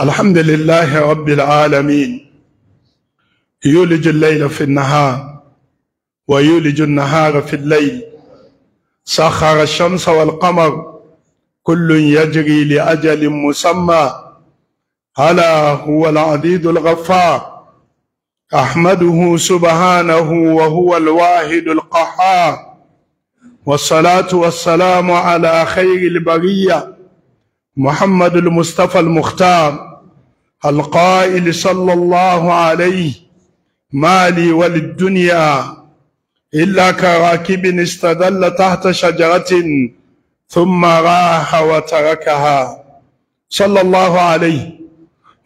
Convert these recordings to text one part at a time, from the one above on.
الحمد لله رب العالمين يولج الليل في النهار ويولج النهار في الليل سخر الشمس والقمر كل يجري لأجل مسمى ألا هو العديد الغفار أحمده سبحانه وهو الواحد القحار والصلاة والسلام على خير البرية محمد المصطفى المختار القائل صلى الله عليه ما لي وللدنيا إلا كراكب استدل تحت شجرة ثم راح وتركها صلى الله عليه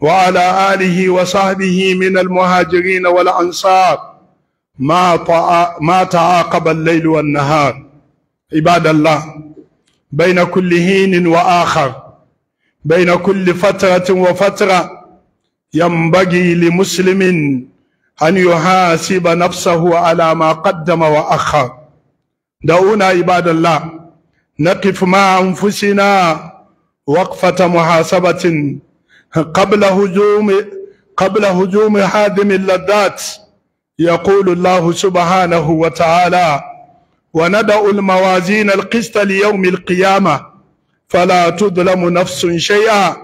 وعلى آله وصحبه من المهاجرين والأنصار ما ما تعاقب الليل والنهار عباد الله بين كل هين وآخر بين كل فترة وفترة ينبغي لمسلم أن يحاسب نفسه على ما قدم وأخر دعونا عباد الله نقف مع أنفسنا وقفة محاسبة قبل هجوم قبل هجوم هادم اللذات يقول الله سبحانه وتعالى وندع الموازين القسط ليوم القيامة فلا تظلم نفس شيئا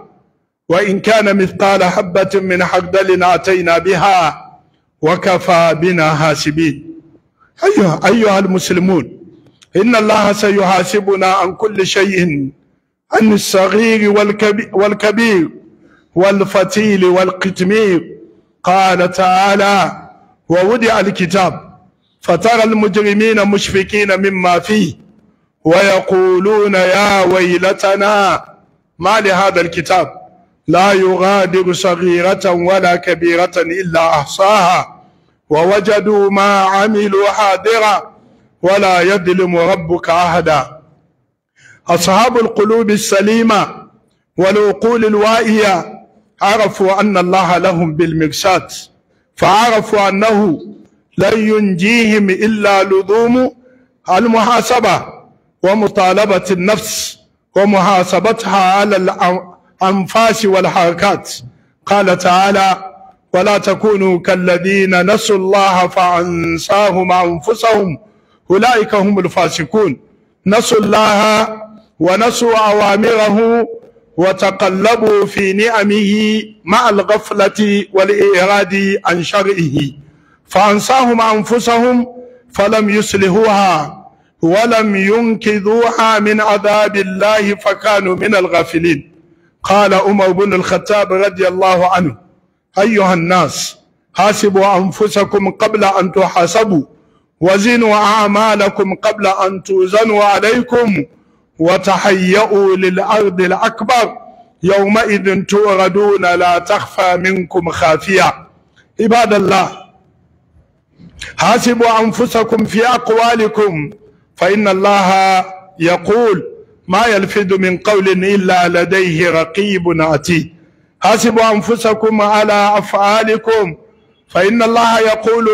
وإن كان مثقال حبة من حقدل أتينا بها وكفى بنا حاسبين أيها, أيها المسلمون إن الله سيحاسبنا عن كل شيء عن الصغير والكبير والفتيل والقتمير قال تعالى ووضع الكتاب فترى المجرمين مشفقين مما فيه ويقولون يا ويلتنا ما لهذا الكتاب لا يغادر صغيرة ولا كبيرة إلا أحصاها ووجدوا ما عملوا حاضرا ولا يظلم ربك أحدا أصحاب القلوب السليمة والعقول الوائية عرفوا أن الله لهم بالمرسات فعرفوا أنه لن ينجيهم إلا لزوم المحاسبة ومطالبة النفس ومحاسبتها على الأنفاس والحركات قال تعالى ولا تكونوا كالذين نسوا الله فأنساهم أنفسهم أولئك هم الفاسقون نسوا الله ونسوا أوامره وتقلبوا في نعمه مع الغفلة والإيراد عن شرعه فأنساهم أنفسهم فلم يصلحوها ولم ينقذوها من عذاب الله فكانوا من الغافلين قال عمر بن الخطاب رضي الله عنه أيها الناس حاسبوا أنفسكم قبل أن تحاسبوا وزنوا أعمالكم قبل أن توزنوا عليكم وتهيئوا للأرض الأكبر يومئذ توردون لا تخفى منكم خافية عباد الله حاسبوا أنفسكم في أقوالكم فإن الله يقول ما يلفظ من قول إلا لديه رقيب عتيد حاسبوا أنفسكم على أفعالكم فإن الله يقول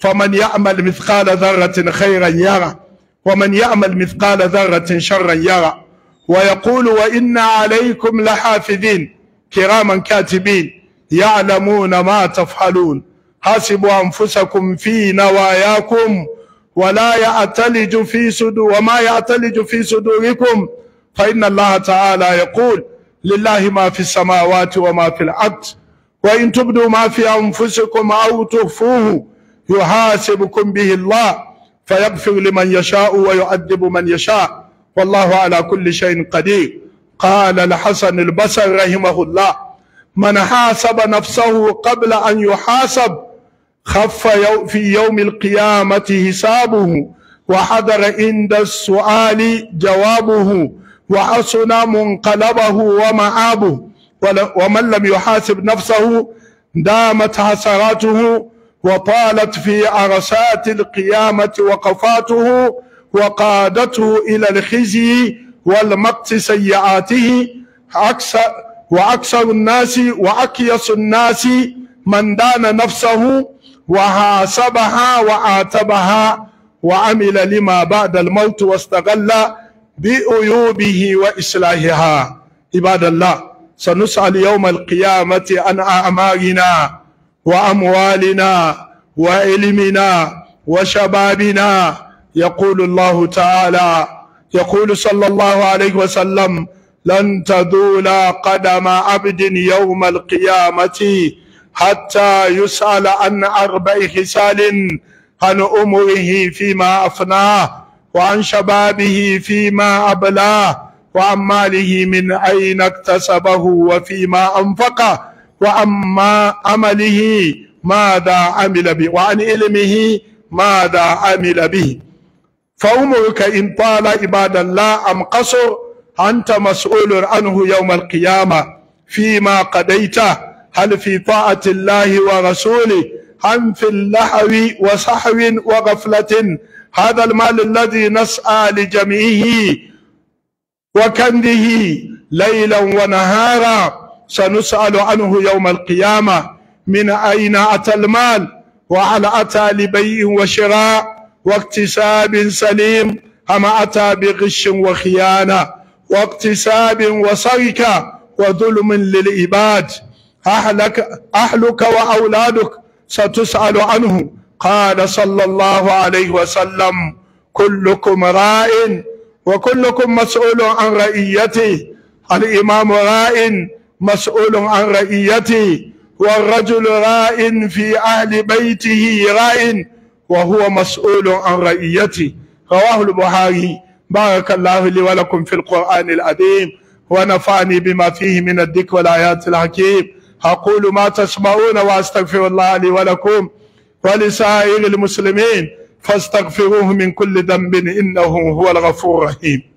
فمن يعمل مثقال ذرة خيرا يرى ومن يعمل مثقال ذرة شرا يرى ويقول وإن عليكم لحافظين كراما كاتبين يعلمون ما تفعلون حاسبوا أنفسكم في نواياكم ولا يعتلج في صدور وما يعتلج في صدوركم فإن الله تعالى يقول لله ما في السماوات وما في الأرض وإن تبدوا ما في أنفسكم أو تخفوه يحاسبكم به الله فيغفر لمن يشاء ويؤدب من يشاء والله على كل شيء قدير قال الحسن البصري رحمه الله من حاسب نفسه قبل أن يحاسب خف في يوم القيامة حسابه وحضر عند السؤال جوابه وحسن منقلبه ومعابه ومن لم يحاسب نفسه دامت حسراته وطالت في عرسات القيامة وقفاته وقادته إلى الخزي والمقت سيئاته وأكثر الناس وأكيس الناس من دان نفسه وحاسبها وعاتبها وعمل لما بعد الموت واستغل بعيوبه وإصلاحها عباد الله سنسأل يوم القيامة عن أعمالنا وأموالنا وعلمنا وشبابنا يقول الله تعالى يقول صلى الله عليه وسلم لن تذول قدم عبد يوم القيامة حتى يسأل عن أربع خسال عن أمره فيما أفناه وعن شبابه فيما أبلاه وعن ماله من أين اكتسبه وفيما أنفقه وعما عمله ماذا عمل به وعن علمه ماذا عمل به فأمرك إن طال عباد الله أم قصر أنت مسؤول عنه يوم القيامة فيما قضيته هل في طاعة الله ورسوله هم في اللهو وصحو وغفلة هذا المال الذي نسعى لجمعه وكنده ليلا ونهارا سنسأل عنه يوم القيامة من أين أتى المال وهل أتى لبيع وشراء واكتساب سليم أم أتى بغش وخيانة واكتساب وسرقة وظلم للعباد أهلك أهلك وأولادك ستسأل عنه قال صلى الله عليه وسلم كلكم راء وكلكم مسؤول عن رئيته الإمام راء مسؤول عن رئيته والرجل راء في أهل بيته راء وهو مسؤول عن رئيته رواه البخاري بارك الله لي ولكم في القرآن العظيم ونفعني بما فيه من الذكر والآيات الحكيم أقول ما تسمعون وأستغفر الله لي ولكم ولسائر المسلمين فاستغفروه من كل ذنب إنه هو الغفور الرحيم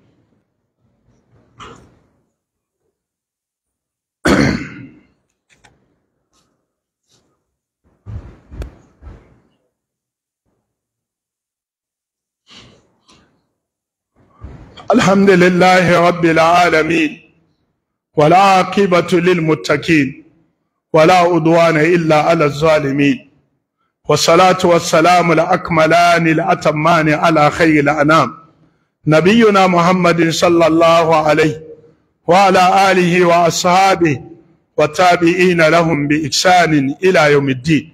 الحمد لله رب العالمين والعاقبة للمتقين ولا عدوان إلا على الظالمين والصلاة والسلام الأكملان الأتمان على خير الأنام نبينا محمد صلى الله عليه وعلى آله وأصحابه وتابعين لهم بإحسان إلى يوم الدين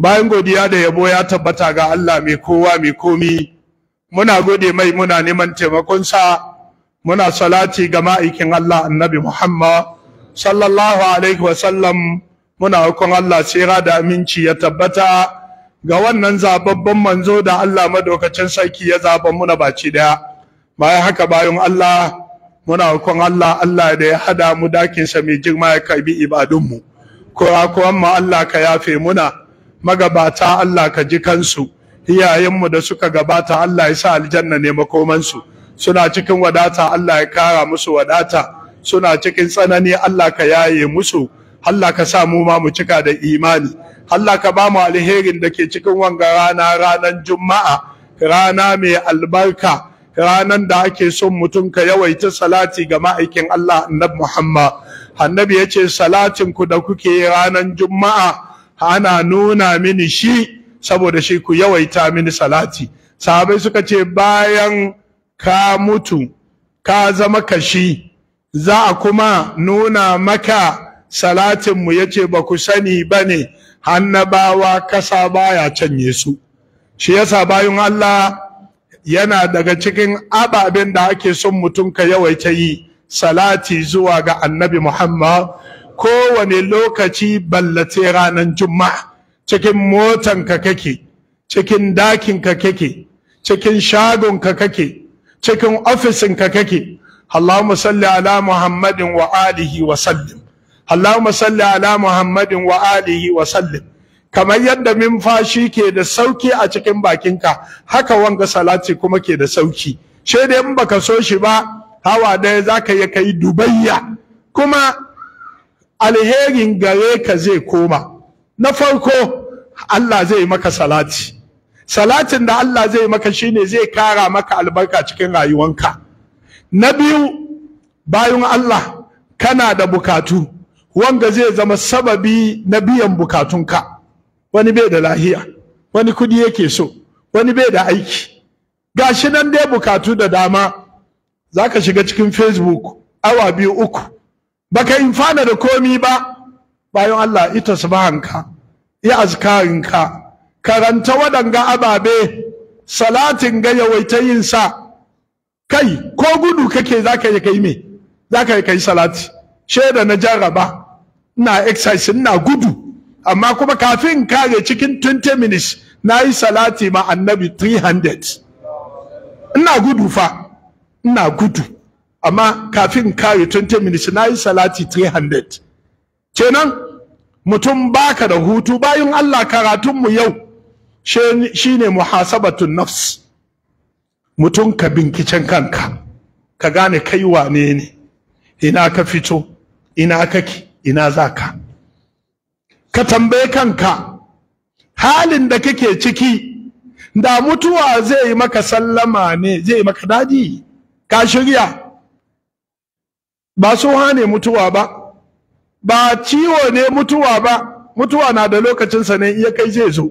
bayan godiya da yabo ya tabbata ga Allah mai kowa mai komi muna gode mai muna neman taimakonsa muna salati ga ma'aikin Allah annabi Muhammad sallallahu alaihi sallam. muna hukun Allah tsira da aminci ya tabbata ga wannan zababban manzo da Allah madaukacin sarki ya zaban muna baci daya bayan haka bayan Allah muna hukun Allah Allah da ya hada mu dakin sa mai jirma ya karbi ibadun mu ko kowa mu Allah ka yafe muna magabata Allah ka ji kansu iyayen mu da suka gabata Allah ya sa aljanna ne makoman su suna cikin wadata Allah ya kara musu wadata suna cikin tsanani Allah ka yaye musu Allah ka sa mu ma mu cika da imani Allah ka ba mu alherin da ke cikin wanga rana ranan juma'a rana mai albarka ranan da ake son mutum ka yawaita salati ga ma'aikin Allah annabi Muhammad annabi yace salatin ku da kuke ranan juma'a ana nuna mini shi saboda shi ku yawaita mini salati sahabai suka ce bayan ka mutu ka zama kashi za a kuma nuna maka salatinmu ya ce ba ku sani ba ne hannabawa kasa baya canye su shi yasa bayan Allah yana daga cikin ababen da ake son mutum ka yawaita yi salati zuwa ga annabi Muhammad kowane lokaci ballace ranar juma'a cikin motan ka kake cikin dakinka kake cikin ka kake cikin ofisinka kake Allahumma salli ala Muhammadin wa alihi wa sallim Allahumma salli ala Muhammadin wa alihi wa sallim kamar yadda minfashi ke da sauki a cikin bakinka haka wanga salati kuma ke da sauki sai dai in baka so shi ba hawa daya zaka yi kai dubayya kuma alherin gare ka zai koma na farko Allah zai maka salati salatin da Allah zai maka shine zai kara maka albarka cikin rayuwanka na biyu bayan Allah kana da bukatu wanga zai zama sababi na biyan bukatunka wani bai da lahiya wani kudi yake so wani bai da aiki gashi nan dai bukatu da dama za ka shiga cikin facebook awa biyu uku baka infana da komi ba bayan allah ita su subhanka ya azkarinka karanta waɗanga ababe salatin ga yawaita yin sa kai ko gudu kake za ka yi kai me za ka yi kai salati shaida na jaraba. ina exercise ina gudu amma kuma kafin kare cikin 20 minutes na yi salati ma annabi 300 ina gudu fa ina gudu amma kafin kare 20 minutes na yi salati 300 kenan mutum baka da hutu bayan Allah karatunmu yau shine ne muhasabatun nafs mutum ka binkicen kanka ka gane kai wane ne ina ka fito ina kake ina za ka ka tambaye kanka halin da kake ciki da mutuwa zai yi maka sallama ne zai yi maka daji ka shirya ba su hane mutuwa ba ba ciwo ne mutuwa ba mutuwa na da lokacinsa ne iya kai zai zo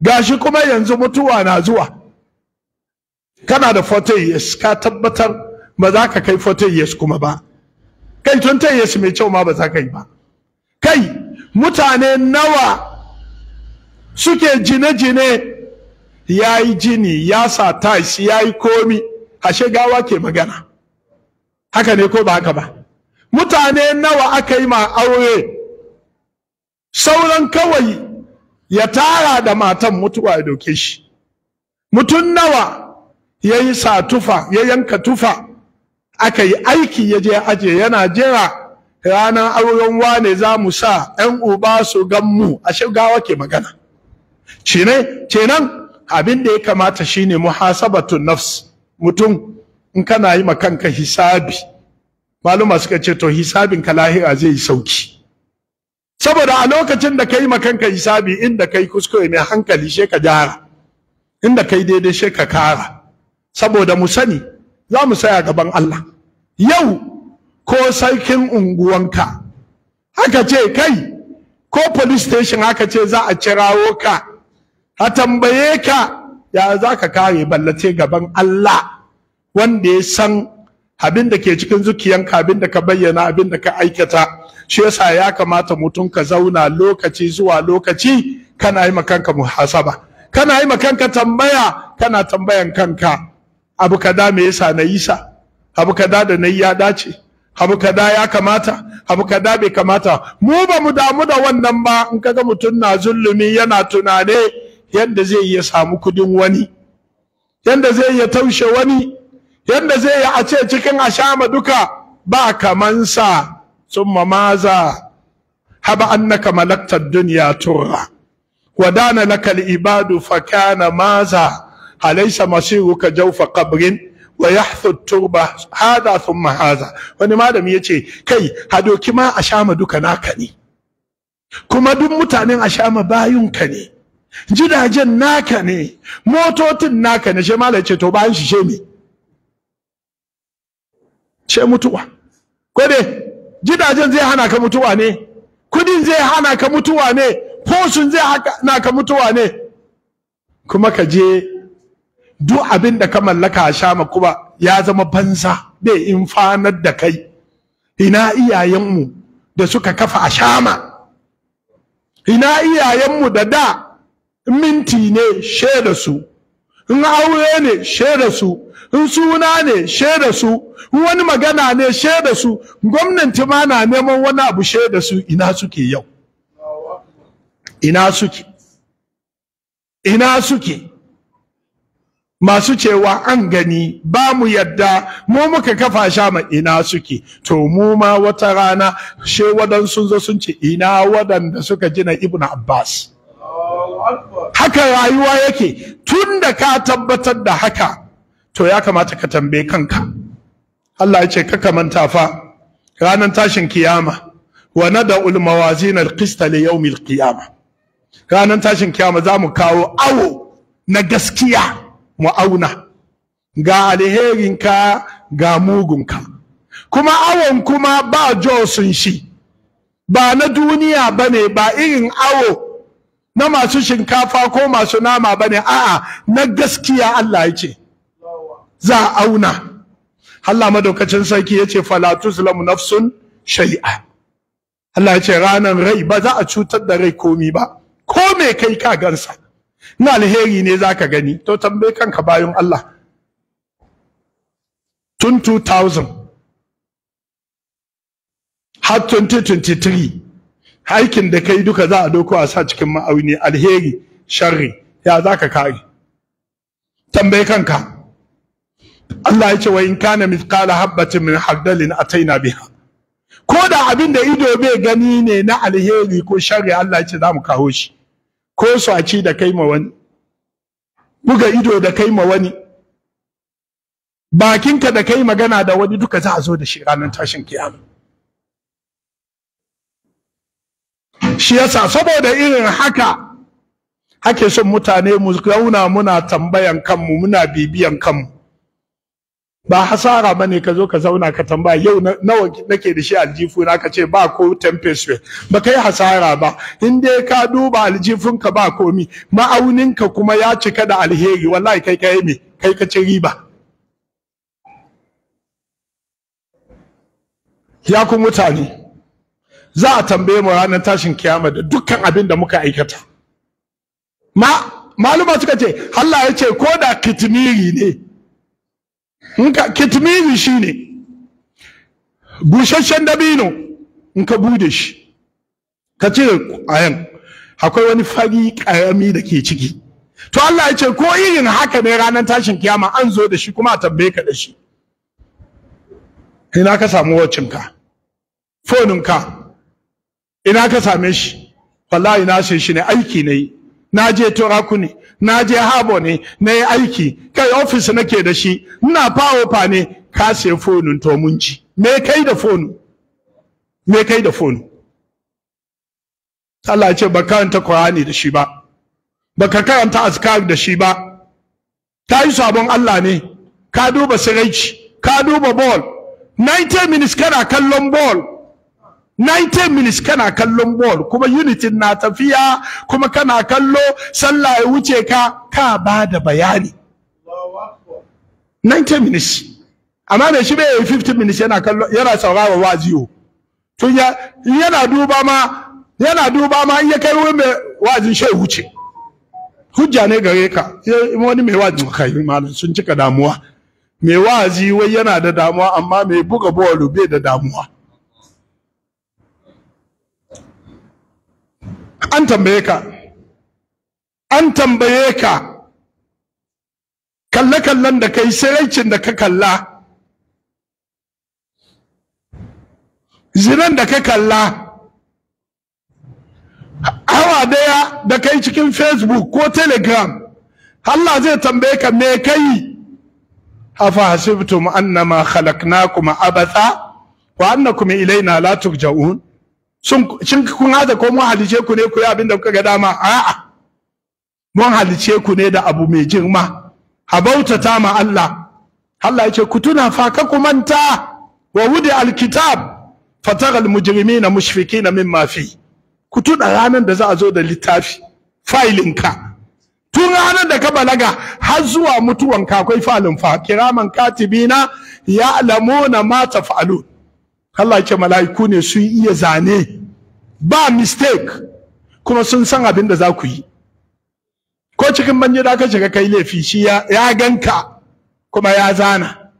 gashi kuma yanzu mutuwa na zuwa kana da 40 years ka tabbatar ba za ka kai 40 years kuma ba kai tun tayyar shi mai kyau ma ba za ka yi ba kai mutane nawa suke jine-jine ya yi jini ya sa tais ya yi komi ashe gawa ke magana haka ne ko ba haka ba mutane nawa aka yi ma aure sauran kawai ya tara da matan mutuwa ya doke shi mutum nawa ya yi sa tufa ya yanka tufa aka yi aiki ya je aje yana jira ranar auren wane za mu sa 'yan uba su gan mu a shigawa ke magana nan? abin da ya kamata shi shine muhasabatu nafs mutum in kana yi ma hisabi maluma suka ce to hisabin ka lahira zai yi sauki saboda a lokacin da ka yi makanka hisabi inda kai kuskure mai hankali sheka ka gyara inda kai daidai sheka kara saboda mu sani za mu saya gaban Allah yau ko sarkin unguwanka haka ce kai ko police station haka ce za a cirawo ka a tambaye ka ya za ka kare ballace gaban Allah wanda ya san abin da ke cikin zukiyanka abin da ka bayyana abin da ka aikata shi yasa ya kamata mutum ka zauna lokaci zuwa lokaci kana yi kanka muhasaba kana yi kanka tambaya kana tambayan kanka abu kada me yasa na yi sa abu kada da na yi ya dace abu kada ya kamata abu kada bai kamata mu ba mu damu da wannan ba in kaga mutum na zulumi yana tunane yanda zai iya samu kudin wani yanda zai iya taushe wani yanda zai iya a ce cikin ashama duka ba kamansa summa maza haba annaka malaktar duniya turra wadana lakal ibadu fakana maza alaysa masiruka jawfa qabrin wa yahthu turba hadha thumma hadha wani malami yace kai hadoki ma a shama duka naka ne kuma duk mutanen a shama bayunka ne gidajen naka ne mototin naka ne shi malai yace to bayan shi she me she mutuwa ko dai gidajen zai hana ka mutuwa ne kudin zai hana ka mutuwa ne fosun zai hana ka mutuwa ne kuma ka je duk abin da ka mallaka a shama kuma ya zama banza bai infanar da kai ina iyayenmu da suka kafa a shama ina iyayenmu da da minti ne shaida su in aure ne shaida su in suna ne shaida su in wani magana ne shaida su gwamnati ma na neman wani abu shaida su ina suke yau ina suke ina suke masu cewa an gani ba mu yadda mu muka kafa shama ina suke to mu ma wata rana she sun zo sun ce ina waɗanda suka jina ibnu abbas haka rayuwa yake tunda ka tabbatar da haka to ya kamata ka tambaye kanka Allah ya ce kaka manta fa ranan tashin kiyama wa ul mawazin qist li yawm qiyama Ranan tashin kiyama za mu kawo awo na gaskiya mu auna ga alherinka ga mugunka kuma awon kuma ba jo sun shi ba na duniya ba ba irin awo na masu shinkafa ko masu nama bane ne a'a na gaskiya Allah ya ce za a auna Allah madaukacin sarki yace ce falatus lamu nafsun shai'a Allah ya ce ranar rai ba za a cutar da rai komi ba ko me kai ka gansa na alheri ne za ka gani to tambaye kanka bayan Allah tun 2000 har 2023 aikin da kai duka za a doko a sa cikin ma'auni alheri sharri ya za ka kare tambaye kanka Allah ya ce wa in kana mithqala habatin min hardalin ataina biha ko da abin da ido bai gani ne na alheri ko sharri Allah ya ce za mu kawo shi ko swaci da kai ma wani buga ido da kai ma wani bakinka da kai magana da wani duka za a zo da shi ranar tashin kiyama shi yasa saboda irin haka ake son mutane mu zauna muna tambayan kanmu muna bibiyan kanmu ba hasara bane ka zo ka zauna ka tambaya yau nawa nake da shi aljifu na ka ce ba ko tempest ba kai hasara ba in dai ka duba aljifun ka ba komi ma'aunin ka kuma ya cika da alheri wallahi kai kai me kai ka ci riba ya ku mutane za a tambaye mu ranar tashin kiyama da dukkan abin da muka aikata ma maluma suka ce Allah ya ce ko da kitmiri ne nka ka shine busasshen dabino in ka bude shi ka ayan akwai wani fari karami da ke ciki to Allah ya ce ko irin haka ne ranar tashin kiyama an zo da shi kuma a tambaye ka da shi ina ka samu wacinka foninka ina ka same shi wallahi na sai shi ne aiki ne na je tura ku ne na je habo ne na yi aiki kai ofis nake da shi ina fawo fa ne ka sai fonin to mun ji me kai da fonu me kai da fonu Allah ya ce ba ka karanta Qur'ani da shi ba Ba ka karanta azkar da shi ba ta yi sabon Allah ne ka duba siraici ka duba ball 90 minutes kana kallon ball 90 minutes kana kallon ball kuma unitin na tafiya kuma kana kallo sallah ya wuce ka ka ba da bayani 90 minutes amma da shi bai 50 minutes yana kallo yana saurara waziyo tun ya yana duba ma yana duba ma in ya kai wurin mai wazin shai wuce hujja ne gare ka wani mai wazin kai malam sun cika damuwa mai wazi wai yana da damuwa amma mai buga bolu bai da damuwa an tambaye ka an tambaye ka kalle-kallen da kai shiraicin da ka kalla zinan da ka kalla awa daya da kai cikin facebook ko telegram Allah zai tambaye ka me kai hafa hasibtum annama khalaqnakum abatha wa annakum ilayna la turja'un shin kun haza ko mun halice ku ne ku yi abin da kuka ga dama a'a mun halice ku ne da abu mai girma habauta ta ma Allah Allah yace ku tuna fa ka ku manta wa wudi alkitab na almujrimina mushfikina mimma fi ku tuna ranar da za a zo da littafi failin ka tun ranar da ka balaga har zuwa mutuwan ka akwai falin fa kiraman katibina ya'lamuna ma taf'alun Allah ce mala'iku ne sun iya zane ba mistake kuma sun san abin da za ku yi ko cikin manje da aka shiga kai laifi shi ya ganka kuma ya zana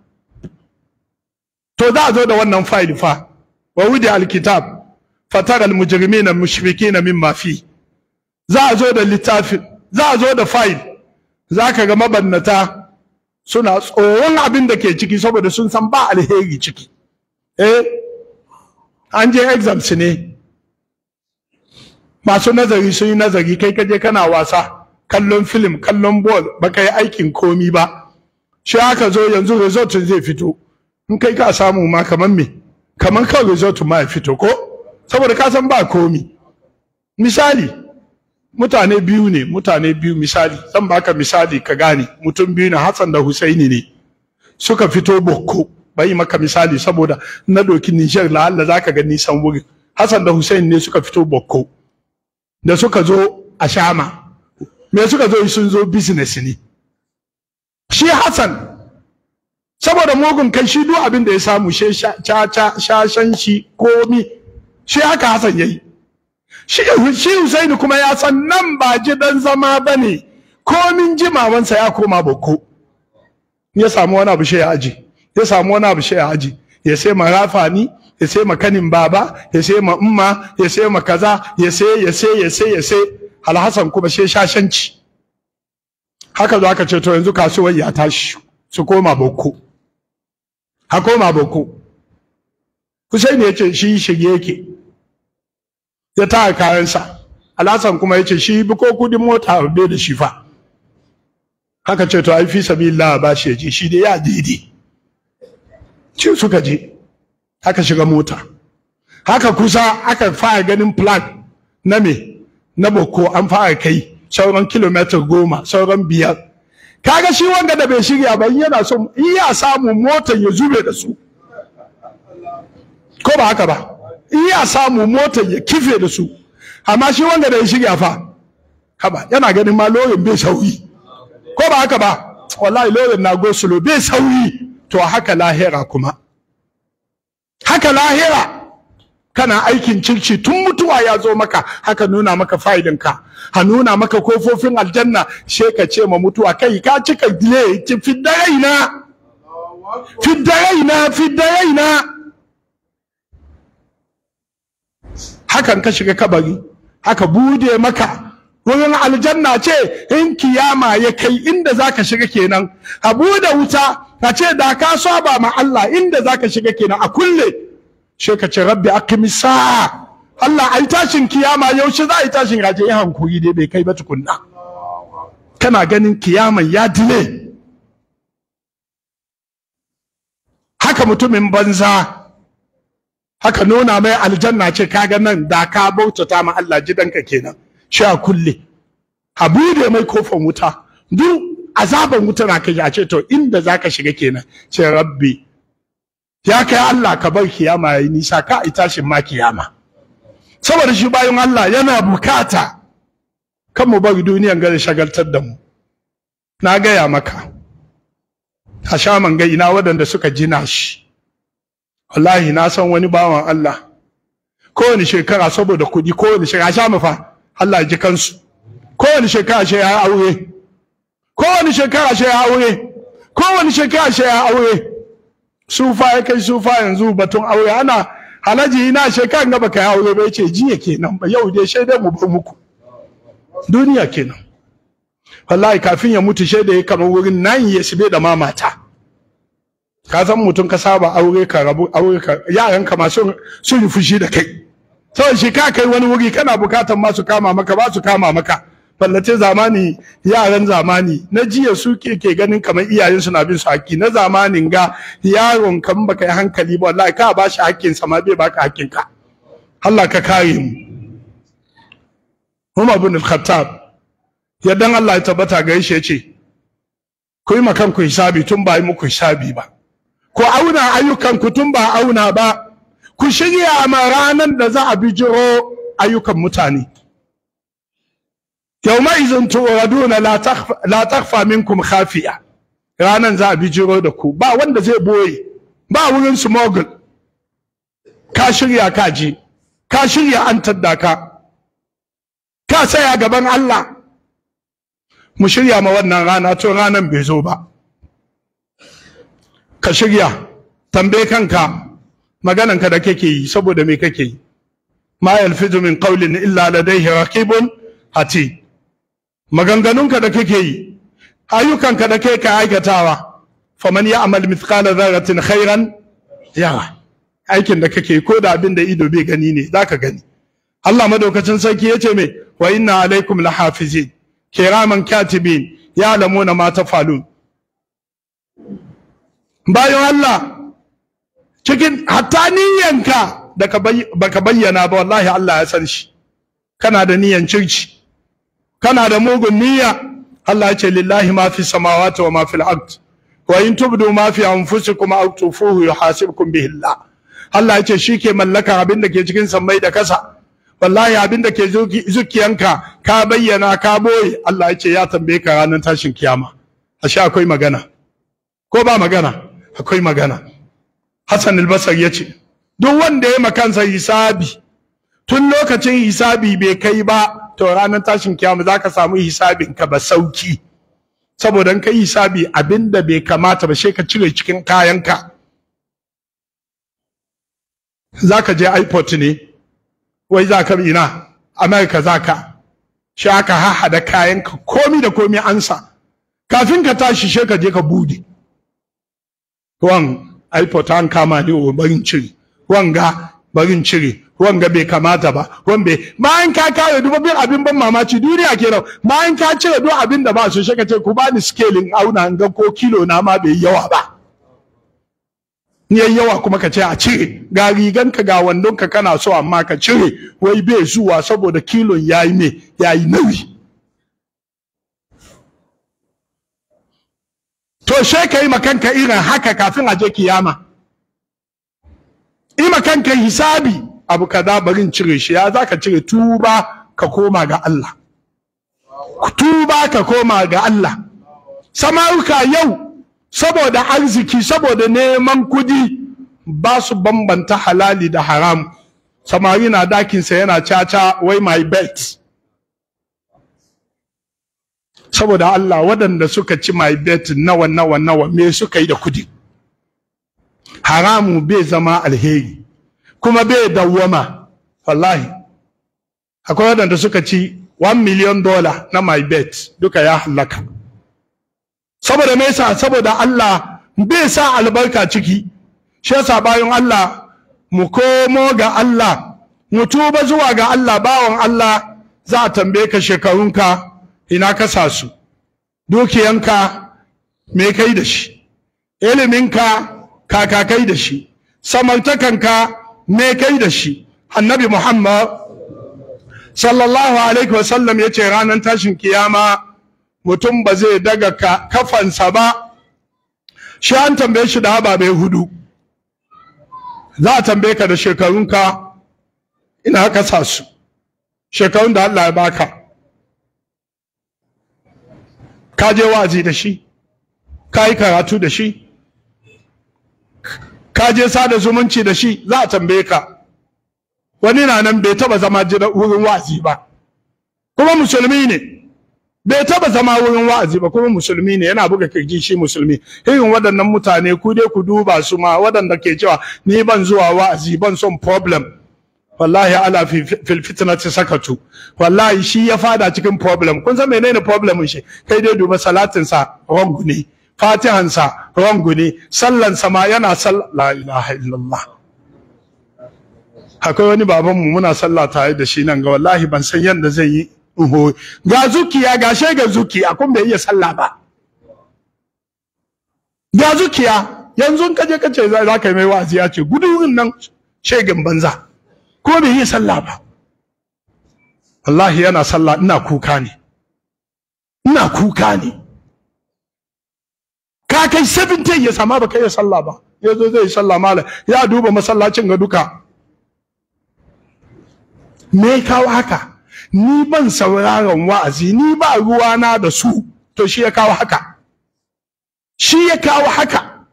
to za a zo da wannan fayil fa wa wudi alkitab fatar almujrimina mushrikina mimma fi za a zo da littafin za a zo da fayil za ka ga mabannata suna tsoron abin da ke ciki saboda sun san ba alheri ciki eh an je exams ne masu nazari sun yi nazari kai kaje kana wasa kallon film kallon ball ba ka yi aikin komi ba shi aka zo yanzu result zai fito in kai ka samu ma kamar me kamar kan result ma ya fito ko saboda ka san ba komi misali mutane biyu ne mutane biyu misali zan baka misali ka gane mutum biyu na Hassan da Husaini ne suka fito bokko bai maka misali saboda na doki Niger la Allah zaka ga nisan wurin Hassan da Hussein ne suka fito Bokko da suka zo a Shama me suka zo sun zo business ne shi Hassan saboda mugun kai shi duk abin da ya samu she caca shashan shi komi shi haka Hassan yayi shi Hussein kuma ya san nan ba gidan zama bane komin jimawansa ya koma Bokko ya samu wani abu shi ya aji ya samu wani abu shi a aji ya sai ma rafani ya sai ma kanin baba ya sai ma umma ya sai ma kaza ya sai ya sai ya sai ya sai alhassan kuma sai shashanci haka za ka ce to yanzu kasuwar ya tashi su koma boko ha koma boko Hussein ya ce shi shige yake ya tara kayansa alhassan kuma ya ce shi ko kudin mota bai da shi fa haka ce to ai fi sabilillah ba shi ya ji shi dai ya daidai ci suka je aka shiga mota haka kusa aka fara ganin flag na me na boko an fara kai sauran kilomita goma sauran biyar kaga shi wanda da bai shirya ba yana so in ya samu motar ya zube da su ko ba haka ba in ya samu motar ya kife da su amma shi wanda da ya shirya fa haba yana ganin ma loyin bai sauri ko ba haka ba wallahi loyin na go slow bai sauri to haka lahira kuma haka lahira kana aikin circi tun mutuwa ya zo maka haka nuna maka fa'ilinka ha nuna maka kofofin aljanna she ka ce ma mutuwa kai ka cika gile ki fidda raina fidda hakan ka shiga kabari haka bude maka wurin aljanna ce in kiyama ya kai inda zaka shiga kenan a bude wuta ka ce da ka saba ma Allah inda zaka shiga kenan a kulle she ka ce rabbi sa, Allah ai tashin kiyama yaushe za a yi tashin rajin ya hankuri dai bai kai ba tukunna kana ganin kiyaman ya dile haka mutumin banza haka nuna mai aljanna ce kaga nan da ka bautata ma Allah gidanka kenan shi a kulle a bude mai kofan wuta duk azaban wuta na kai a ce to inda zaka shiga kenan ce rabbi ya kai Allah ka bar kiyama yi nisa ka ita tashin ma kiyama saboda shi bayan Allah yana bukata kan mu bari duniyan gari shagaltar da mu na gaya maka a sha ga ina waɗanda suka jina shi wallahi na san wani bawan Allah kowane shekara saboda kuɗi kowane shekara sha fa Allah ji kansu kowane shekara shi ya aure kowane shekara shi ya aure kowane shekara shi ya aure sufa ya kai sufa yanzu batun aure ana halaji ina shekara gaba ka aure ba yace jiya kenan ba yau dai shaidar mu ba muku duniya kenan wallahi kafin ya mutu shaida ya kamar wurin nan ya shibe da mamata ka san mutum ka saba aure ka rabu aure ka yaran ka masu sun fushi da kai saboda shi ka kai wani wuri kana bukatan ma su kama maka ba su kama maka fallace zamani yaran zamani na jiya su ke ganin kamar iyayen su na bin su haƙi na zamanin ga yaron kan baka yi hankali ba wallahi ka ba shi haƙƙin sa ma bai baka haƙƙin ka Allah ka kare mu Umar bin Khattab dan Allah ya tabbata ga shi yace ku yi makan ku hisabi tun ba yi muku hisabi ba ku auna ayyukan ku tun ba auna ba ku shirya ma ranar da za a bijiro ayyukan mutane yawmaizin turaduna la takhfa minkum khafiya ranan za a bijiro da ku ba wanda zai boye ba wurin smuggle ka shirya ka ji ka shirya an tadda ka tsaya gaban Allah mu shirya ma wannan rana to ranan bai zo ba ka shirya tambe kanka maganan ka da kake yi saboda me kake yi ma yalfizu min qawlin illa ladayhi raqibun hatid maganganunka da kake yi ayyukanka da kai ka aikatawa faman ya amal mithqala dharratin khairan yara aikin da kake ko da abin da ido bai gani ne zaka gani Allah madaukacin sarki yace me wa inna alaikum lahafizin kiraman katibin na mata tafalun bayan Allah cikin hatta niyyanka da baka bayyana ba wallahi Allah ya san shi kana da niyyan circi kana da mugun niyya Allah ya ce lillahi ma fi samawati wa ma fil ard wa in tubdu ma fi anfusikum aw tufuhu yuhasibkum bihi Allah Allah ya ce shike mallaka abin da ke cikin sammai da kasa wallahi abin da ke zukiyanka ka bayyana ka boye Allah ya ce ya tambaye ka ranar tashin kiyama ashe akwai magana ko ba magana akwai magana Hassan al-Basri ya ce duk wanda ya makansa hisabi tun lokacin hisabi bai kai ba to ranar tashin kiyama ka samu hisabin ka ba sauki saboda kai hisabi abinda bai kamata ba sai ka cire cikin kayanka zaka je airport ne wai zaka ina America zaka shi aka hahada kayanka komi da komi ansa kafin ka tashi sai ka je ka bude wan airport an kama ni oh, barin cire wanga barin cire wanga bai kamata ba wanga bayan ka kare duk bin abin ban mamaci duniya kenan bayan ka cire duk abin da ba su shaka ce ku bani ni scaling auna ga ko kilo na ma bai yawa ba Ni yayi yawa kuma ka ce a cire ga rigan ka, ga wandon ka, kana so amma ka cire wai bai zuwa saboda kilon yayi me yayi nauyi to she ka yi makanka irin haka kafin a je kiyama Ima kanka hisabi abu kaza barin cire shi ya zaka cire tuba ka koma ga Allah tuba ka koma ga Allah samaruka yau saboda arziki saboda neman kudi ba su bambanta halali da haram samari na dakinsa yana caca wai my bet saboda Allah waɗanda suka ci my bet nawa nawa nawa me suka yi da kudi haramu bai zama alheri kuma bai dawwama wallahi akwai waɗanda suka ci 1 million dollar na my bet duka ya halaka saboda me yasa saboda Allah bai sa albarka ciki shi yasa bayan Allah mu komo ga Allah mu tuba zuwa ga Allah bawan Allah za a tambaye ka shekarunka ina ka sa su dukiyanka me kai da shi iliminka kakakai da shi ka me kai da shi annabi muhammad sallallahu alaihi wasallam ya ce ranar tashin kiyama mutum ba zai daga kafansa ba shi an tambaye shi da ababe hudu za a tambaye ka da shekarunka ina ka sa su shekarun da Allah ya baka ka je wazi da shi ka yi karatu da shi ka je sada zumunci da shi za a tambaye ka wani na nan bai taba zama wurin wa'azi ba kuma musulmi ne bai taba zama wurin wa'azi ba kuma musulmi ne yana buga kirji shi musulmi irin waɗannan mutane ku dai ku duba su ma waɗanda ke cewa ni ban zuwa wa'azi ban son problem wallahi ala fil fitnati sakatu wallahi shi ya fada cikin problem kun san menene problem shi kai dai duba salatin sa wangu ne fatihansa ruwangu ne sallansa ma yana sallah la ilaha illallah akwai wani babanmu muna sallah tare da shi nan ga wallahi ban san yadda zai yi uhu ga zukiya ga she ga zukiya kun bai iya sallah ba ga zukiya yanzu kaje kace za ka mai wazi ya ce gudurin nan shegin banza ko bai yi sallah ba wallahi yana sallah ina kuka ne ina kuka ne ya kai 70 ya sama baka yi sallah ba ya zo zai sallah malam ya duba masallacin ga duka me kawo haka ni ban sauraron wa'azi ni ba ruwa na da su to shi ya kawo haka shi ya kawo haka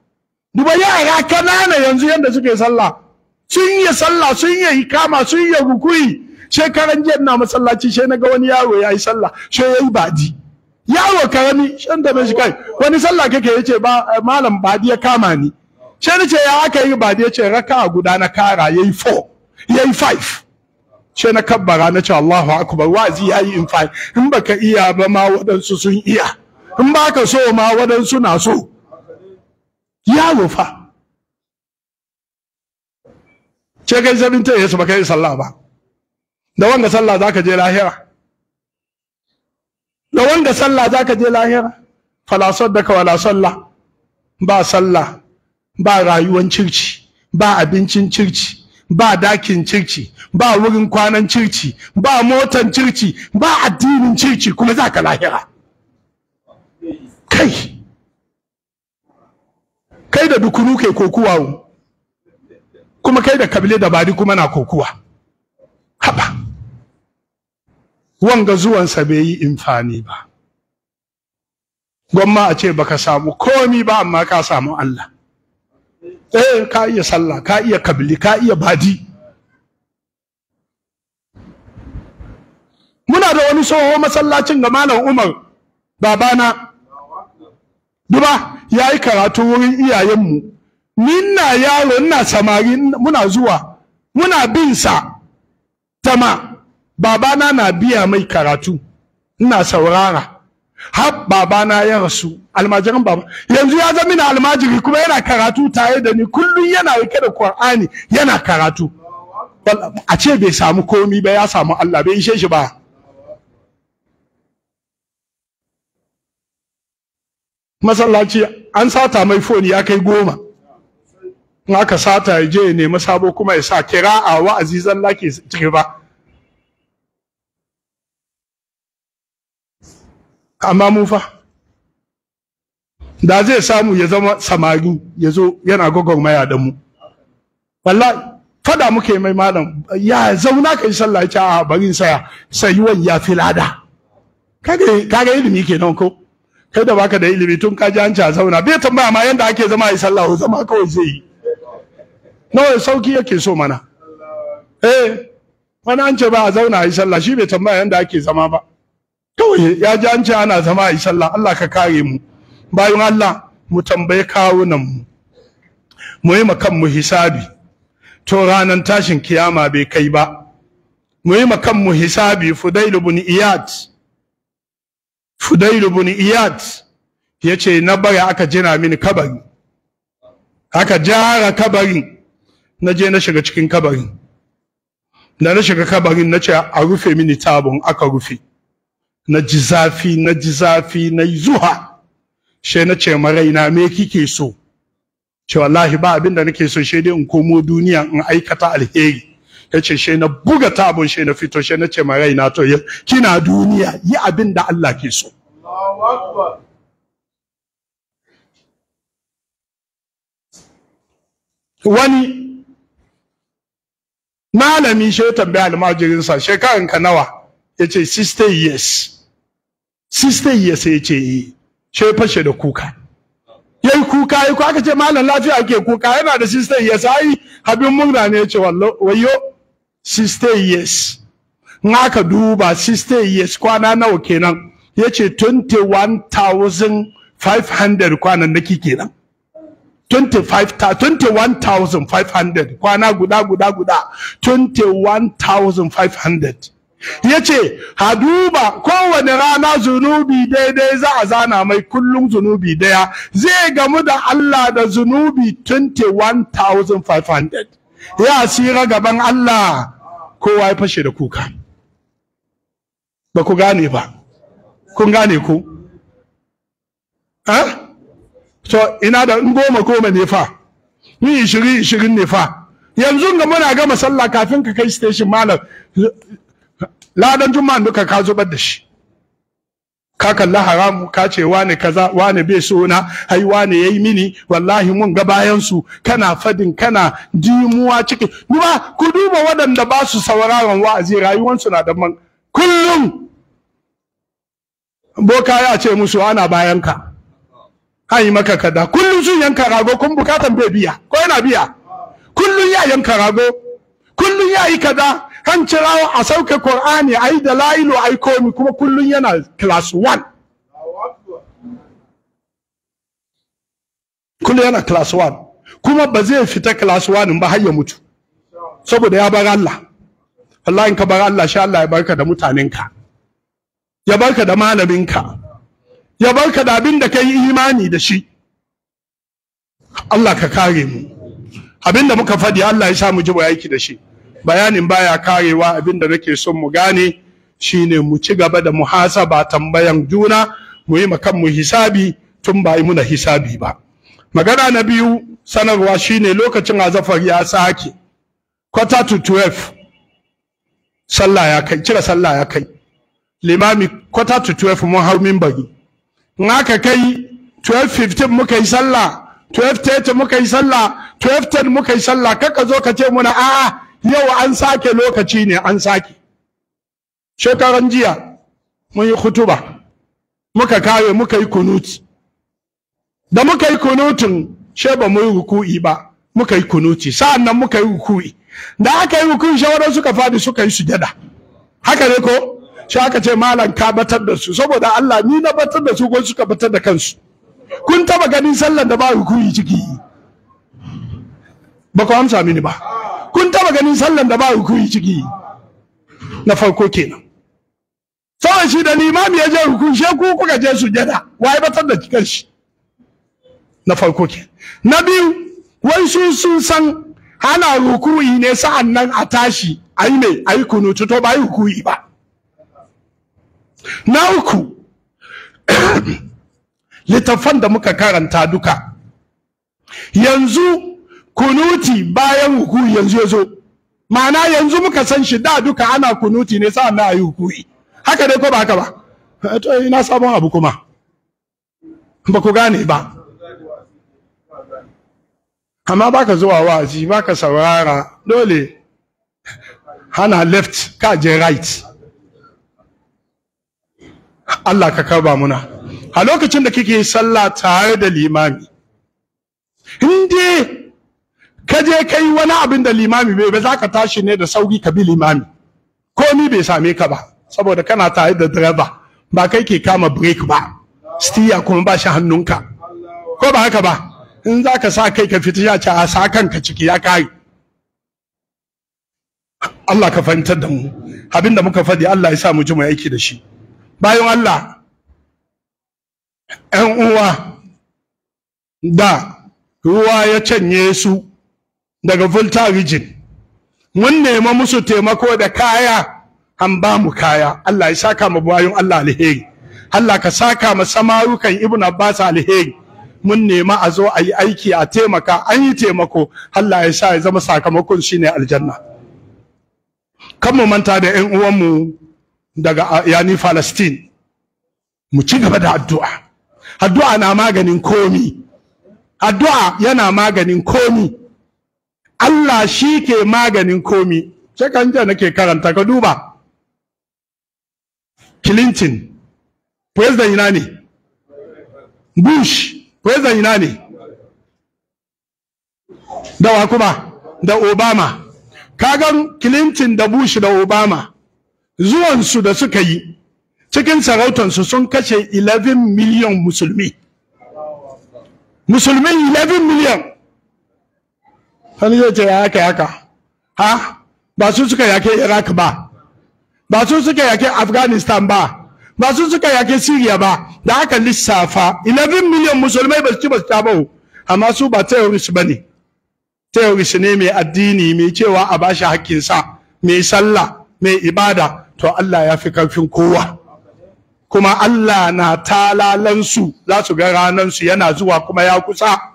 duba yara kanana yanzu yadda suke sallah sun yi sallah sun yi ikama sun yi rukui shekaran jiya na masallaci sai na ga wani yaro ya yi sallah sai ya yi baji yaro karami shan da shi kai wani sallah kake yace ba eh, malam badi ya kama ni sai ce ya aka yi badi yace raka guda na kara yayi 4 yayi 5 sai na kabbara na ce Allahu akbar wazi yayi in 5 in baka iya ba ma wadansu sun iya in baka so ma wadansu na so yaro fa ce kai zabin ta yesu baka yi sallah ba da wanga sallah zaka je lahira da wanda sallah za ka je lahira falasar da kawala sallah ba sallah ba rayuwan circi ba abincin circi ba dakin circi ba wurin kwanan circi ba motan circi ba addinin circi kuma za ka lahira kai kai da dukunu ke kokuwa kuma kai da kabile da bari kuma na kokuwa haba wanga zuwansa bai yi imfani ba gwamma a ce baka samu komi ba amma ka samu Allah eh ka iya sallah ka iya kabli ka iya badi muna da wani soho masallacin ga malam Umar babana duba yayi karatu wurin iyayenmu ni na yaro ina samari muna zuwa muna bin sa tama babana na biya mai karatu ina saurara har babana ya rasu almajirin baba yanzu ya zama na almajiri kuma yana karatu tare da ni kullum yana rike da qur'ani yana karatu a ce bai samu komi ba ya samu Allah bai ishe shi ba masallaci an sata mai foni ya kai goma in aka sata ya je ya nemi sabo kuma ya sa kira a wa'azi zalla ke ba amma mu fa da zai samu ya zama samari ya zo yana gwagwarmaya da mu wallahi fada muke mai malam ya zauna kai sallah ya ce a bari saya sayuwan ya filada. kage kage ilimi kenan ko kai da baka da ilimi tun ka ji an ci a zauna bai tambaya ma yanda ake zama a yi sallah ko zama kawai zai yi nawa sauki yake so mana eh wani an ce ba a zauna a yi sallah shi bai tambaya yanda ake zama ba kawai ya ji an ce ana zama a yi sallah Allah ka kare mu bayan Allah mu tambayi kawunan mu mu yi makan mu hisabi to ranan tashin kiyama bai kai ba mu yi makan mu hisabi fudail ibn iyad fudail ibn iyad yace na bara aka jira mini kabari aka jara kabari na je na shiga cikin kabarin da na shiga kabarin na ce a rufe mini tabon aka rufe na ji zafi na ji zafi na zuha shi na ce maraina me kike so ce wallahi ba abin da nake so shi dai in komo duniya in aikata alheri ya ce she na buga tabon shi na fito shi na ce maraina to kina duniya yi abin da Allah ke so wani malami shi ya tambaya almajirinsa ka nawa ya ce 60 years sister ya sai ce yi eh, she fashe da kuka yayi kuka yayi ko aka ce malam lafiya ake kuka yana da sister ya sai habin murna ne yace wallo wayo sister yes naka duba sister yes kwana nawa kenan yace 21500 kwanan nake kenan 21,500 kwana guda guda guda 21,500 ya ce haduba kowane rana zunubi daidai za a zana mai kullum zunubi daya zai gamu da Allah da zunubi 21,500 ya asira gaban Allah kowa ya fashe da kuka ba ku gane ba kun gane ku eh? so ina da goma goma ne fa ni ishirin ishirin ne fa yanzu ga muna gama sallah kafin ka kai station malam ladan juma'an duka ka zubar da shi ka kalla haramu ka ce wane kaza wane bai so na ai wane yayi mini wallahi mun ga bayan su kana fadin kana dimuwa ciki duba ku duba waɗanda ba su sauraron wa'azi rayuwansu na da man kullum boka ya ce musu ana bayan ka an maka kada kullum sun yanka rago kun bukatan bai biya ko yana biya kullum ya yanka rago kullum ya yi kada kan cirawa a sauke Qur'ani a yi da la'ilu a yi komi kuma kullum yana class 1 kullum yana class 1 kuma ba zai fita class 1 ba har ya mutu saboda ya bar Allah Allah in ka bar Allah sha Allah ya barka da mutanenka ya barka da malaminka ya barka da abin da ka yi imani da shi Allah ka kare mu abin da muka faɗi Allah ya sa mu ji aiki da shi bayanin baya karewa abinda nake son mu gane shine mu ci gaba da muhasaba tambayan juna mu yi makan mu hisabi tun ba yi muna hisabi ba magana na biyu sanarwa shine lokacin azafar ya sake quarter to 12 sallah ya kai cire sallah ya kai limami quarter to 12 mun hau minbari in aka kai 12:15 muka yi sallah 12:30 muka yi sallah 12:10 muka yi sallah kaka zo ka ce muna a'a yau an sake lokaci ne an sake shekaran jiya mun yi hutuba muka kare muka yi kunuti da muka yi kunutin she ba mu yi ruku'i ba muka yi kunuti sa'an nan muka yi ruku'i da aka yi ruku'i shawarar suka fadi suka yi sujada haka ne ko shi aka ce malam ka batar da su saboda Allah ni na batar da su ko suka batar da kansu kun taba ganin sallan da ba ruku'i ciki ba ku amsa mini ba kun taba ganin sallan da ba rukuni ciki na farko kenan sauran shi da limami ya je hukun she ku kuka je su jada wai batar da cikin shi na farko kenan. na biyu wai su sun san hana rukuni ne sa'an nan a tashi ayi ne ai kunu to ba rukuni ba na uku littafan da muka karanta duka yanzu kunuti bayan hukui yanzu ya zo ma'ana yanzu muka san shi da duka ana kunuti ne sa na ayi hukui haka dai ko ba haka ba eh, to ina sabon abu kuma ba ku gane ba amma baka zuwa wa'azi baka saurara dole hana left ka je right Allah ka karba muna a lokacin da kike sallah tare da limami in dai ka je ka yi wani abin da limami bai ba za ka tashi ne da sauki ka bi limami ko ni bai same ka ba saboda kana tare da direba ba kai ke kama break ba stiya kuma ba shi hannunka ko ba haka ba in za ka sa kai ka fita ya ce a sa kanka ciki ya kai Allah ka fahimtar da mu abin da muka faɗi Allah ya sa mu ji mu aiki da shi bayan Allah ‘yan uwa da ruwa ya canye su daga Volta region mun nema musu taimako da kaya an ba mu kaya Allah ya saka mu bayan Allah alheri Allah ka saka mu samarukan Ibn Abbas alheri mun nema a zo a yi aiki a taimaka an yi taimako Allah ya sa ya zama sakamakon shine aljanna kan mu manta da ƴan uwanmu daga yani Palestine mu ci gaba da addu'a addu'a na maganin komi addu'a yana maganin komi Allah shi ke maganin komi shekan jiya nake karanta ka duba Clinton president ina ne Bush president ina ne da wa kuma da Obama kagan Clinton da Bush da Obama zuwansu da suka yi cikin sarautansu sun kashe 11 miliyan musulmi musulmi 11 miliyan Sani zai ce ya haka yaka Ha? Ba su suka yake Iraq ba. Ba su suka yake Afghanistan ba. Ba su suka yake Syria ba. Da haka lissafa 11 miliyan musulmai ba su ci ba su ta ba amma su ba terrorist ba ne. Terrorist ne mai addini mai cewa a bashi sa mai sallah mai ibada to Allah ya fi karfin kowa. kuma Allah na talalansu za su ga ranansu yana zuwa kuma ya kusa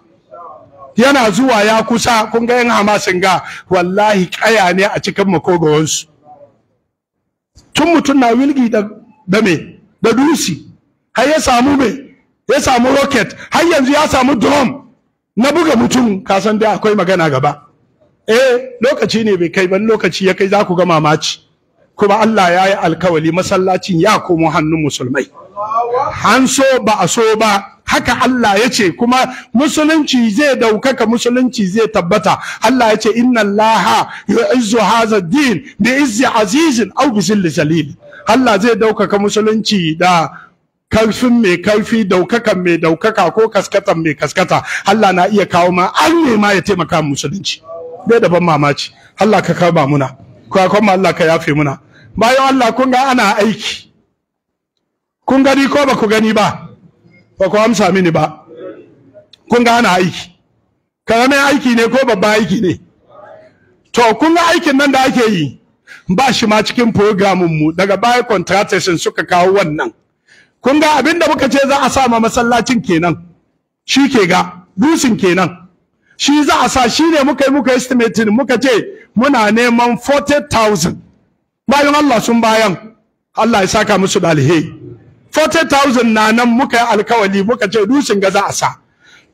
yana zuwa ya kusa kun ga yan hamasin ga wallahi kaya ne a cikin makogawansu tun mutum na wilgi da da me da dusi har ya samu me ya samu rocket har yanzu ya samu drum na buga mutum kasan dai akwai magana gaba eh lokaci ne bai kai ba lokaci ya kai za ku ga mamaci kuma Allah ya yi alkawali masallacin ya komo hannun musulmai an ba a so ba haka Allah ya ce kuma musulunci zai daukaka musulunci zai tabbata Allah ya ce inna Allah yu'izzu hadha din bi azizin aw bi zilli Allah zai daukaka musulunci da karfin mai karfi daukakan mai daukaka ko kaskatan mai kaskata Allah na iya kawo ma an ne ma ya taimaka musulunci bai da ban mamaci Allah ka karba muna kuma kuma Allah ka yafe muna bayan Allah kun ga ana aiki kun gani ko ba ku gani ba ba ku amsa mini ba kun ana aiki karamin aiki ne ko babban aiki ne to kun ga aikin nan da ake yi ba shi ma cikin programin mu daga baya contractation suka kawo wannan kun ga abin da muka ce za a sa ma masallacin kenan shi ke ga busin kenan shi za a sa shi ne muka yi muka estimating muka ce muna neman 40,000 bayan Allah sun bayan Allah ya saka musu da 40,000 na nan muka yi alkawali muka ce rushin ga za a sa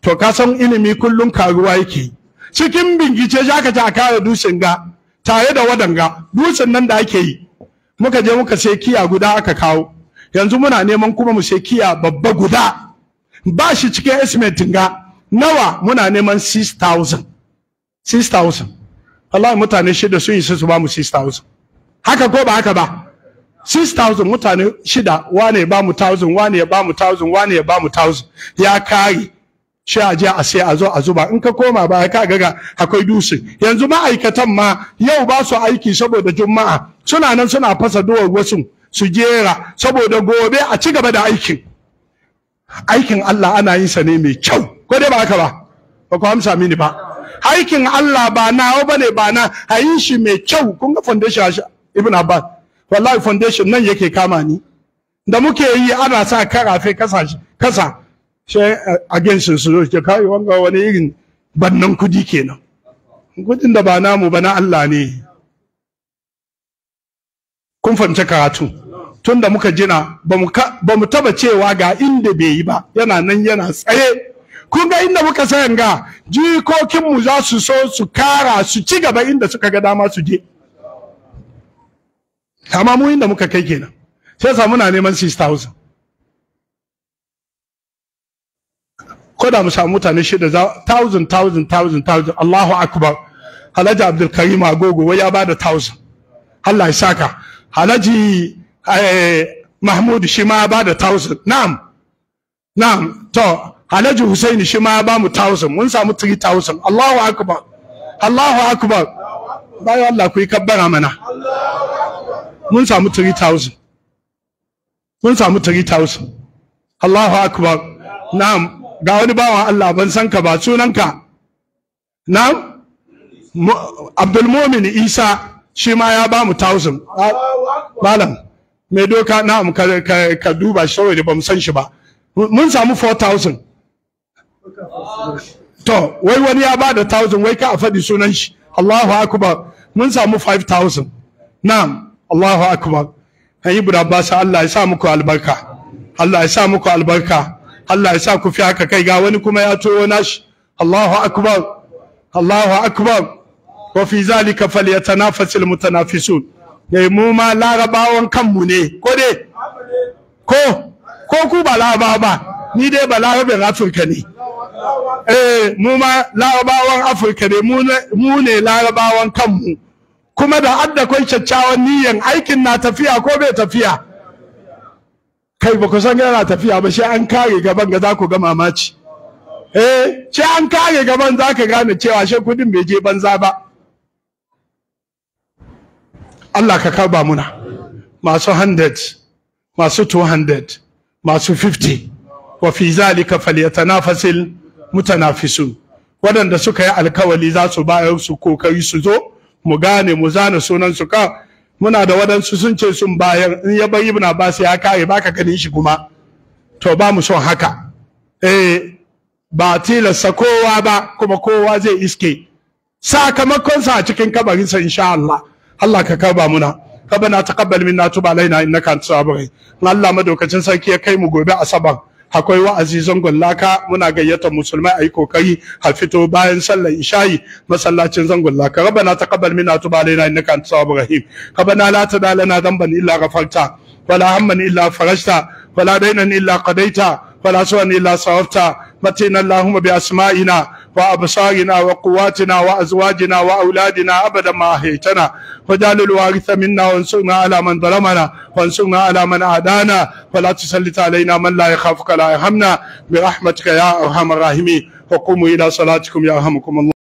to ka san ilimi kullum karuwa yake cikin bincike za ka ce a kare rushin ga tare da wadanga rushin nan da ake yi muka je muka sai kiya guda aka kawo yanzu muna neman kuma mu sai kiya babba guda ba shi cikin estimate ga nawa muna neman 6,000 6,000 Allah mutane shida sun yi su ba mu 6,000 haka ko ba haka ba 6,000 mutane shida wane ya ba mu 1,000 wane ya ba mu 1,000 wane ya ba mu 1,000 ya kari, shi a jiya a sai a zo a zuba in ka koma ba ka gaga akwai dusi yanzu ma'aikatan ma yau ba su aiki saboda juma'a suna nan suna fasa duwar wasu su jera saboda gobe a ci gaba da aikin aikin Allah ana yin sa ne mai kyau ko dai ba haka ba ba ku amsa mini ba aikin Allah ba nawa bane ba na a yin shi mai kyau kun ga foundation Ibn Abbas wallahi foundation nan yake kama ni da muke yi ana sa karafe kasa kasa she eh, against su ke kai wanga wani irin bannan kudi kenan kudin da ba namu ba na Allah ne kun fahimci karatu tun da muka jina ba mu taba cewa ga inda bai yi ba yana nan yana tsaye kun ga inda muka sayan ga jikokinmu za su so su kara su ci gaba inda suka ga dama su je kama mu inda muka kai kenan sai sa muna neman 6000 ko da mu samu mutane shida za thousand thousand thousand thousand Allahu akbar Halaji Abdul Karim Agogo wai ya bada thousand Allah ya saka Alhaji eh, Mahmud shi ma ya bada thousand na'am na'am to Halaji Hussaini shi ma ya ba mu thousand mun samu 3000 Allahu akbar Allahu akbar bayan Allah ku yi kabbara mana Allahu akbar mun samu 3000 mun samu 3000 Allahu akbar na'am ga wani bawan Allah ban san ka ba sunanka na'am Abdul Mumin Isa shi ma ya ba mu 1000 malam mai doka na'am ka, ka, ka duba shi saboda ba mu san shi ba mun samu 4000 to wai wani ya ba da 1000 wai ka a faɗi sunan shi Allahu akbar mun samu 5000 na'am Allahu akbar an yi Abbas Allah ya sa muku albarka Allah ya sa muku albarka Allah ya sa ku fi haka kai ga wani kuma ya toyo nashi Allahu akbar Allahu akbar wa fi zalika falyatanafasul mutanafisun dai mu ma larabawan kanmu ne ko dai ko ko ku ba laraba ba ni dai ba larabin Afirka ne eh mu ma larabawan Afirka ne mu ne larabawan kanmu kuma da adda kai kyakkyawan niyyar, aikin na tafiya ko bai tafiya kai ba ku san yana tafiya ba sai an kare gaban ga za ku ga mamaci eh sai an kare gaban za ka gane cewa shi kudin bai je banza ba Allah ka karba muna masu 100 masu 200 masu 50 wa fi zalika falyatanafasil mutanafisun waɗanda suka yi alkawali za su bayar su kokari su zo mu gane mu zana sunan su ka muna da wadansu sun ce sun bayar in ya bai ibn abbas ya kare baka ganin shi kuma to ba mu son haka eh ba tilasta kowa ba kuma kowa zai iske sakamakon sa a cikin kabarin sa insha Allah Allah ka karba muna ربنا تقبل منا تب علينا انك انت الصابر الله مدوكacin sarki ya kai mu gobe asabar akwai wa'azi zangon laka muna gayyatar musulmai ayi kokari a fito bayan sallar isha'i masallacin zangon laka rabbana taqabbal minna tub alaina innaka antas tawwabur rahim rabbana la tada lana dhanban illa ghafarta wala hamman illa farajta wala daynan illa qadaita wala su'an illa sawabta matina allahumma bi asma'ina وأبصارنا وقواتنا وأزواجنا وأولادنا أبدا ما هيتنا وجعل الوارث منا وانصرنا على من ظلمنا وانصرنا على من أعدانا ولا تسلط علينا من لا يخافك لا يرحمنا برحمتك يا أرحم الراحمين وقوموا إلى صلاتكم يرحمكم الله